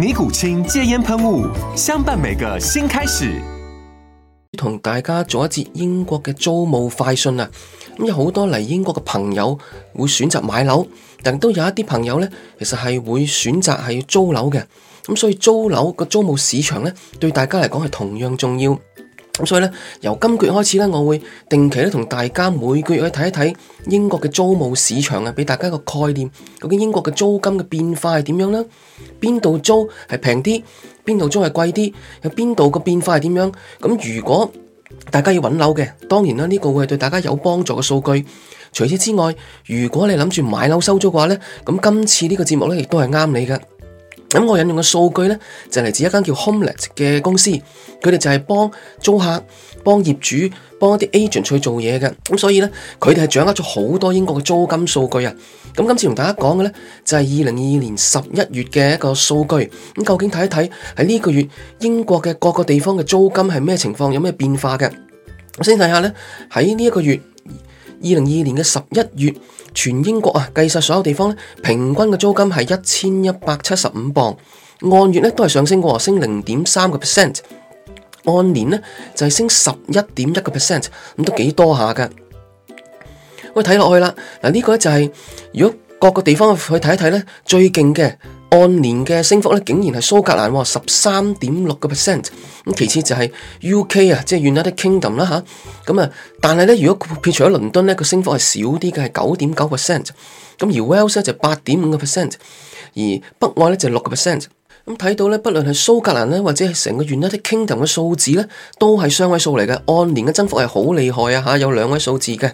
尼古清戒煙噴霧，相伴每個新開始。同大家做一節英國嘅租務快訊啊！咁、嗯、有好多嚟英國嘅朋友會選擇買樓，但係都有一啲朋友咧，其實係會選擇係要租樓嘅。咁、嗯、所以租樓個租務市場咧，對大家嚟講係同樣重要。咁所以咧，由今個月開始咧，我會定期咧同大家每個月去睇一睇英國嘅租務市場啊，俾大家一個概念，究竟英國嘅租金嘅變化係點樣呢？邊度租係平啲，邊度租係貴啲，有邊度個變化係點樣？咁如果大家要揾樓嘅，當然啦，呢個會係對大家有幫助嘅數據。除此之外，如果你諗住買樓收租嘅話咧，咁今次呢個節目咧亦都係啱你嘅。咁我引用嘅數據呢，就嚟自一間叫 HomeLet 嘅公司，佢哋就係幫租客、幫業主、幫一啲 agent 去做嘢嘅，咁所以呢，佢哋係掌握咗好多英國嘅租金數據啊！咁今次同大家講嘅呢，就係二零二二年十一月嘅一個數據，咁究竟睇一睇喺呢個月英國嘅各個地方嘅租金係咩情況，有咩變化嘅？我先睇下呢，喺呢一個月。二零二二年嘅十一月，全英國啊，計晒所有地方咧，平均嘅租金係一千一百七十五磅，按月咧都係上升過，升零點三個 percent，按年呢就係、是、升十一點一個 percent，咁都幾多下噶。喂，睇落去啦，嗱呢個咧就係如果各個地方去睇一睇咧，最勁嘅。按年嘅升幅咧，竟然係蘇格蘭十三點六個 percent，咁其次就係 U K 啊，即係 United Kingdom 啦吓，咁啊，但係咧，如果撇除咗倫敦咧，佢升幅係少啲嘅，係九點九個 percent，咁而 Wales 咧就八點五個 percent，而北愛咧就六個 percent，咁睇到咧，不論係蘇格蘭咧，或者係成個 United Kingdom 嘅數字咧，都係雙位數嚟嘅，按年嘅增幅係好厲害啊吓，有兩位數字嘅。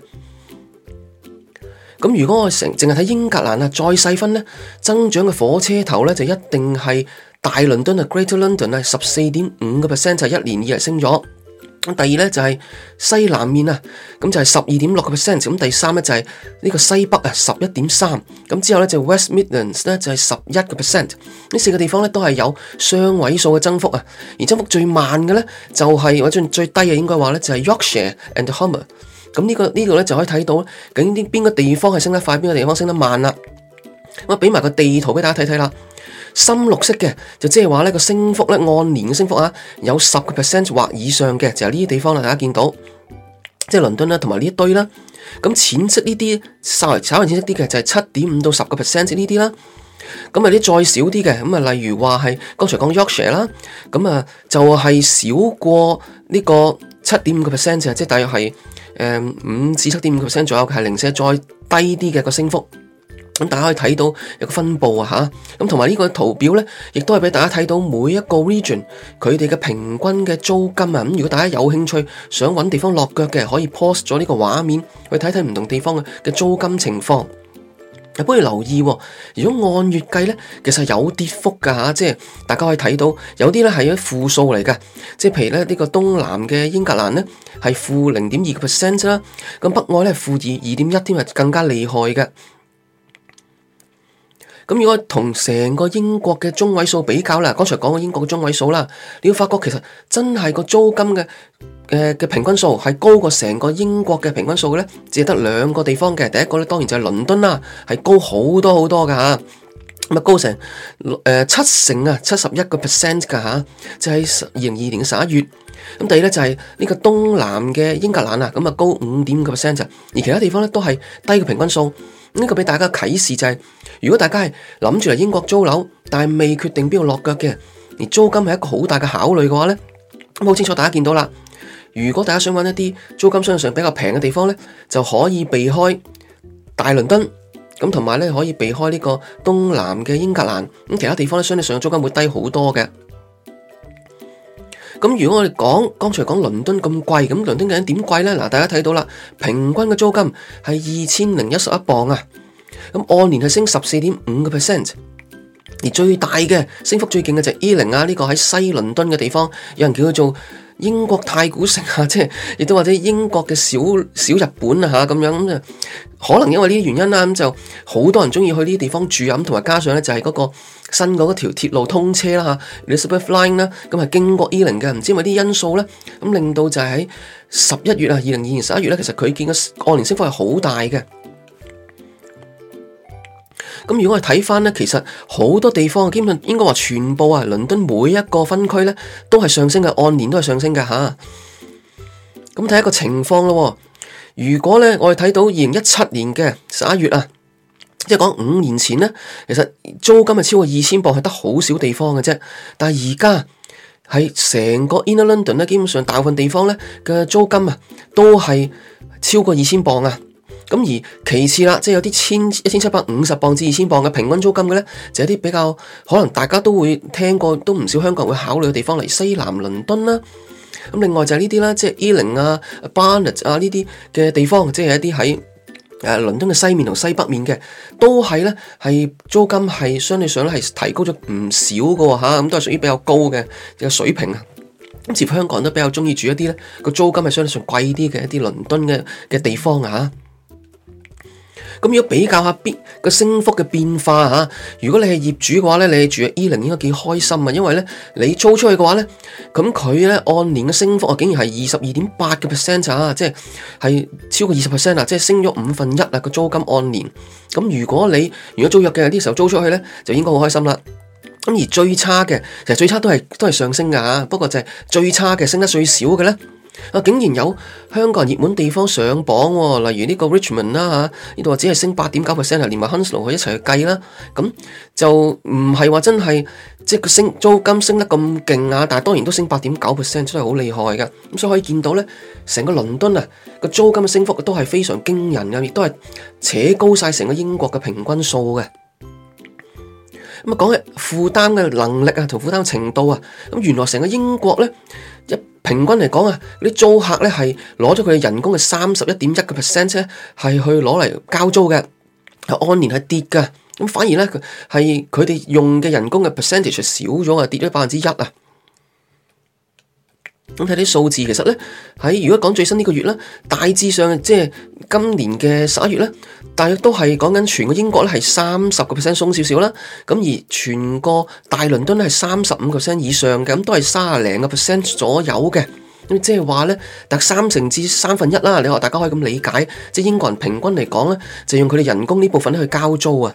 咁如果我淨係睇英格蘭啊，再細分呢，增長嘅火車頭呢，就一定係大倫敦嘅 Greater London 啊，十四點五個 percent 就係一年以嚟升咗。咁第二呢，就係西南面啊，咁就係十二點六個 percent。咁第三呢，就係呢個西北啊，十一點三。咁之後呢，就 West Midlands 呢，就係十一個 percent。呢四個地方呢，都係有雙位數嘅增幅啊。而增幅最慢嘅呢，就係我仲最低嘅應該話呢，就係 Yorkshire and the Humber。咁、這、呢個呢度咧，這個、就可以睇到究竟啲邊個地方係升得快，邊個地方升得慢啦。咁啊，俾埋個地圖俾大家睇睇啦。深綠色嘅就即係話呢個升幅咧，按年嘅升幅啊，有十個 percent 或以上嘅就係呢啲地方啦。大家見到即係、就是、倫敦啦，同埋呢一堆啦。咁淺色呢啲稍為稍為淺色啲嘅就係、是、七點五到十個 percent 呢啲啦。咁啊啲再少啲嘅咁啊，例如話係剛才講 Yorkshire 啦，咁啊就係少過呢個七點五個 percent 啊，即係大約係。誒五至七點五個 percent 左右嘅係零舍再低啲嘅個升幅。咁大家可以睇到有個分佈啊嚇，咁同埋呢個圖表呢，亦都係俾大家睇到每一個 region 佢哋嘅平均嘅租金啊。咁如果大家有興趣想揾地方落腳嘅，可以 pause 咗呢個畫面去睇睇唔同地方嘅嘅租金情況。不如留意，如果按月計呢，其實有跌幅噶吓，即係大家可以睇到，有啲呢係一負數嚟噶，即係譬如呢呢個東南嘅英格蘭呢係負零點二個 percent 啦，咁北愛呢係負二二點一添，係更加厲害嘅。咁如果同成個英國嘅中位數比較啦，剛才講過英國嘅中位數啦，你要發覺其實真係個租金嘅誒嘅平均數係高過成個英國嘅平均數嘅咧，只得兩個地方嘅，第一個咧當然就係倫敦啦，係高好多好多噶吓，咁啊高成誒、呃、七成啊七十一個 percent 噶吓，就喺二零二二年嘅十一月。咁第二咧就係呢個東南嘅英格蘭啊，咁啊高五點五個 percent，而其他地方咧都係低嘅平均數。呢、這個俾大家啟示就係如果大家係諗住嚟英國租樓，但係未決定邊度落腳嘅，而租金係一個好大嘅考慮嘅話呢，好清楚大家見到啦。如果大家想揾一啲租金相對上比較平嘅地方呢，就可以避開大倫敦，咁同埋呢可以避開呢個東南嘅英格蘭，咁其他地方相對上租金會低好多嘅。咁如果我哋講，剛才講倫敦咁貴，咁倫敦究竟點貴呢？嗱，大家睇到啦，平均嘅租金係二千零一十一磅啊，咁按年係升十四點五個 percent，而最大嘅升幅最勁嘅就係 E 零啊，呢個喺西倫敦嘅地方，有人叫佢做。英國太古城啊，即係亦都或者英國嘅小小日本啊，嚇，咁樣咁就可能因為呢啲原因啦，咁就好多人鍾意去呢啲地方住啊，同埋加上咧就係嗰個新嗰條鐵路通車啦，嚇 The Superfly 呢，咁係經過伊靈嘅，唔知因為啲因素咧，咁令到就係喺十一月啊，二零二二年十一月咧，其實佢見個按年升幅係好大嘅。咁如果我哋睇翻咧，其實好多地方啊，基本上應該話全部啊，倫敦每一個分區咧，都係上升嘅，按年都係上升嘅吓。咁、啊、睇一個情況咯。如果咧，我哋睇到二零一七年嘅十一月啊，即係講五年前咧，其實租金係超過二千鎊係得好少地方嘅啫。但係而家喺成個 Inner London 咧，基本上大部分地方咧嘅租金啊，都係超過二千鎊啊。咁而其次啦，即係有啲千一千七百五十磅至二千磅嘅平均租金嘅呢，就係一啲比較可能大家都會聽過，都唔少香港人會考慮嘅地方嚟，西南倫敦啦。咁另外就係呢啲啦，即係 Ealing 啊、Barnet 啊呢啲嘅地方，即係一啲喺誒倫敦嘅西面同西北面嘅，都係呢，係租金係相對上咧係提高咗唔少嘅吓，咁都係屬於比較高嘅嘅水平啊。咁似乎香港人都比較中意住一啲呢個租金係相對上貴啲嘅一啲倫敦嘅嘅地方啊。咁如果比較下變個升幅嘅變化嚇，如果你係業主嘅話咧，你住 E 零應該幾開心啊，因為咧你租出去嘅話咧，咁佢咧按年嘅升幅啊，竟然係二十二點八個 percent 啊，即係係超過二十 percent 啦，即係升咗五分一啦個租金按年。咁如果你如果租約嘅呢時候租出去咧，就應該好開心啦。咁而最差嘅，其實最差都係都係上升㗎，不過就係最差嘅升得最少嘅咧。啊，竟然有香港人熱門地方上榜，哦，例如呢個 Richmond 啦、啊、嚇，呢、啊、度只係升八點九 percent，連埋 Hounslow 佢一齊去計啦。咁就唔係話真係即係個升租金升得咁勁啊，但係當然也升都升八點九 percent，真係好厲害噶。咁所以可以見到呢，成個倫敦啊個租金嘅升幅都係非常驚人嘅，亦都係扯高晒成個英國嘅平均數嘅。咁啊，講起負擔嘅能力啊同負擔程度啊，咁原來成個英國呢。一。平均嚟講啊，嗰啲租客咧係攞咗佢嘅人工嘅三十一點一嘅 percent 咧，係去攞嚟交租嘅，係按年係跌嘅，咁反而咧佢係佢哋用嘅人工嘅 percentage 少咗啊，跌咗百分之一啊，咁睇啲數字，其實咧喺如果講最新呢個月咧，大致上即係。今年嘅十一月咧，大約都係講緊全個英國咧係三十個 percent 鬆少少啦，咁而全個大倫敦咧係三十五個 percent 以上嘅，咁都係三十零個 percent 左右嘅，咁即係話咧，得三成至三分一啦，你話大家可以咁理解，即係英國人平均嚟講咧，就用佢哋人工呢部分去交租啊。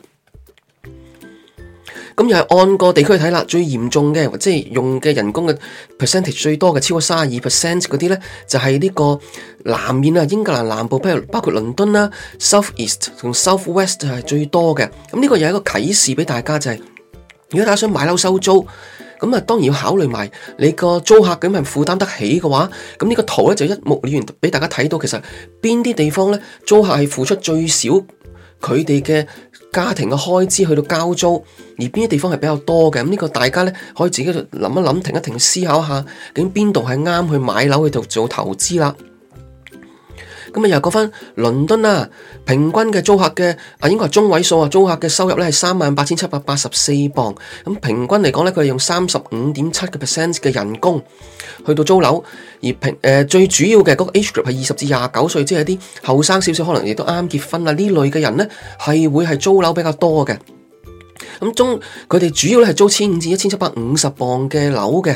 咁又係按個地區睇啦，最嚴重嘅，即係用嘅人工嘅 percentage 最多嘅，超過三十二 percent 嗰啲呢，就係呢個南面啊，英格蘭南部，譬如包括倫敦啦，South East 同 South West 係最多嘅。咁呢個又係一個啟示俾大家，就係如果大家想買樓收租，咁啊當然要考慮埋你個租客咁係負擔得起嘅話，咁呢個圖呢就一目了然俾大家睇到，其實邊啲地方呢租客係付出最少佢哋嘅。家庭嘅開支去到交租，而邊啲地方係比較多嘅？咁呢個大家呢可以自己去諗一諗，停一停思考一下，究竟邊度係啱去買樓去度做投資啦。咁啊，又講返倫敦啦，平均嘅租客嘅啊，應該係中位數啊，租客嘅收入咧係三萬八千七百八十四鎊。咁平均嚟講咧，佢係用三十五點七個 percent 嘅人工去到租樓。而平誒、呃、最主要嘅嗰、嗰個 age group 係二十至廿九歲，即係啲後生少少，可能亦都啱結婚啊呢類嘅人咧，係會係租樓比較多嘅。咁中佢哋主要咧係租千五至一千七百五十鎊嘅樓嘅。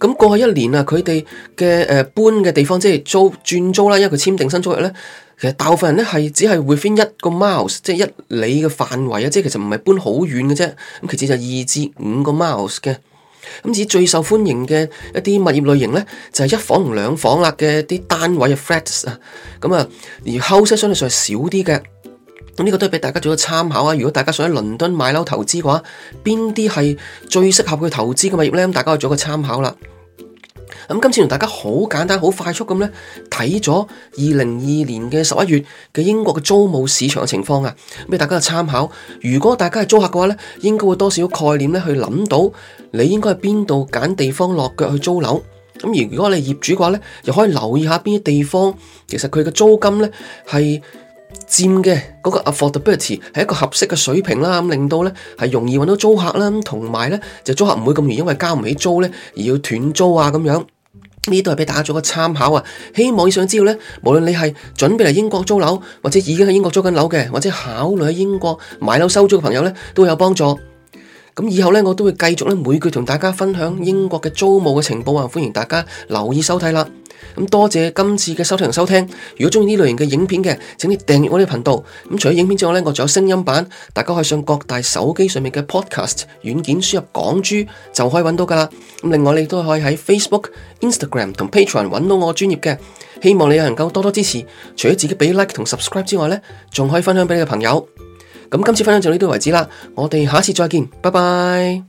咁過去一年啊，佢哋嘅誒搬嘅地方即係租轉租啦，因為佢簽訂新租約咧，其實大部分人咧係只係會分一個 miles，即係一里嘅範圍啊，即係其實唔係搬好遠嘅啫。咁其次就二至五個 miles 嘅，咁至於最受歡迎嘅一啲物業類型咧就係、是、一房同兩房啦嘅啲單位嘅 flat 啊，咁啊而 house 相對上係少啲嘅。咁呢個都係俾大家做一個參考啊！如果大家想喺倫敦買樓投資嘅話，邊啲係最適合佢投資嘅物業咧？咁大家可以做一個參考啦。咁今次同大家好簡單、好快速咁咧睇咗二零二二年嘅十一月嘅英國嘅租務市場嘅情況啊，俾大家嘅參考。如果大家係租客嘅話咧，應該會多少概念咧去諗到，你應該喺邊度揀地方落腳去租樓。咁而如果你係業主嘅話咧，又可以留意下邊啲地方，其實佢嘅租金咧係，佔嘅嗰個 affordability 係一個合適嘅水平啦，令到呢係容易搵到租客啦，同埋呢，就租客唔會咁容易因為交唔起租而要斷租啊咁樣，呢啲都係俾大家做個參考啊！希望以上資料呢，無論你係準備嚟英國租樓，或者已經喺英國租緊樓嘅，或者考慮喺英國買樓收租嘅朋友呢，都會有幫助。咁以後呢，我都會繼續每個月同大家分享英國嘅租務嘅情報啊，歡迎大家留意收睇啦。咁多謝今次嘅收聽同收聽，如果中意呢類型嘅影片嘅，請你訂閱我呢個頻道。咁除咗影片之外呢，我仲有聲音版，大家可以上各大手機上面嘅 Podcast 軟件輸入港珠就可以搵到噶啦。咁另外你都可以喺 Facebook、Instagram 同 Patreon 搵到我專業嘅，希望你有能夠多多支持。除咗自己俾 like 同 subscribe 之外呢，仲可以分享俾你嘅朋友。咁今次分享就到呢度為止啦，我哋下次再見，拜拜。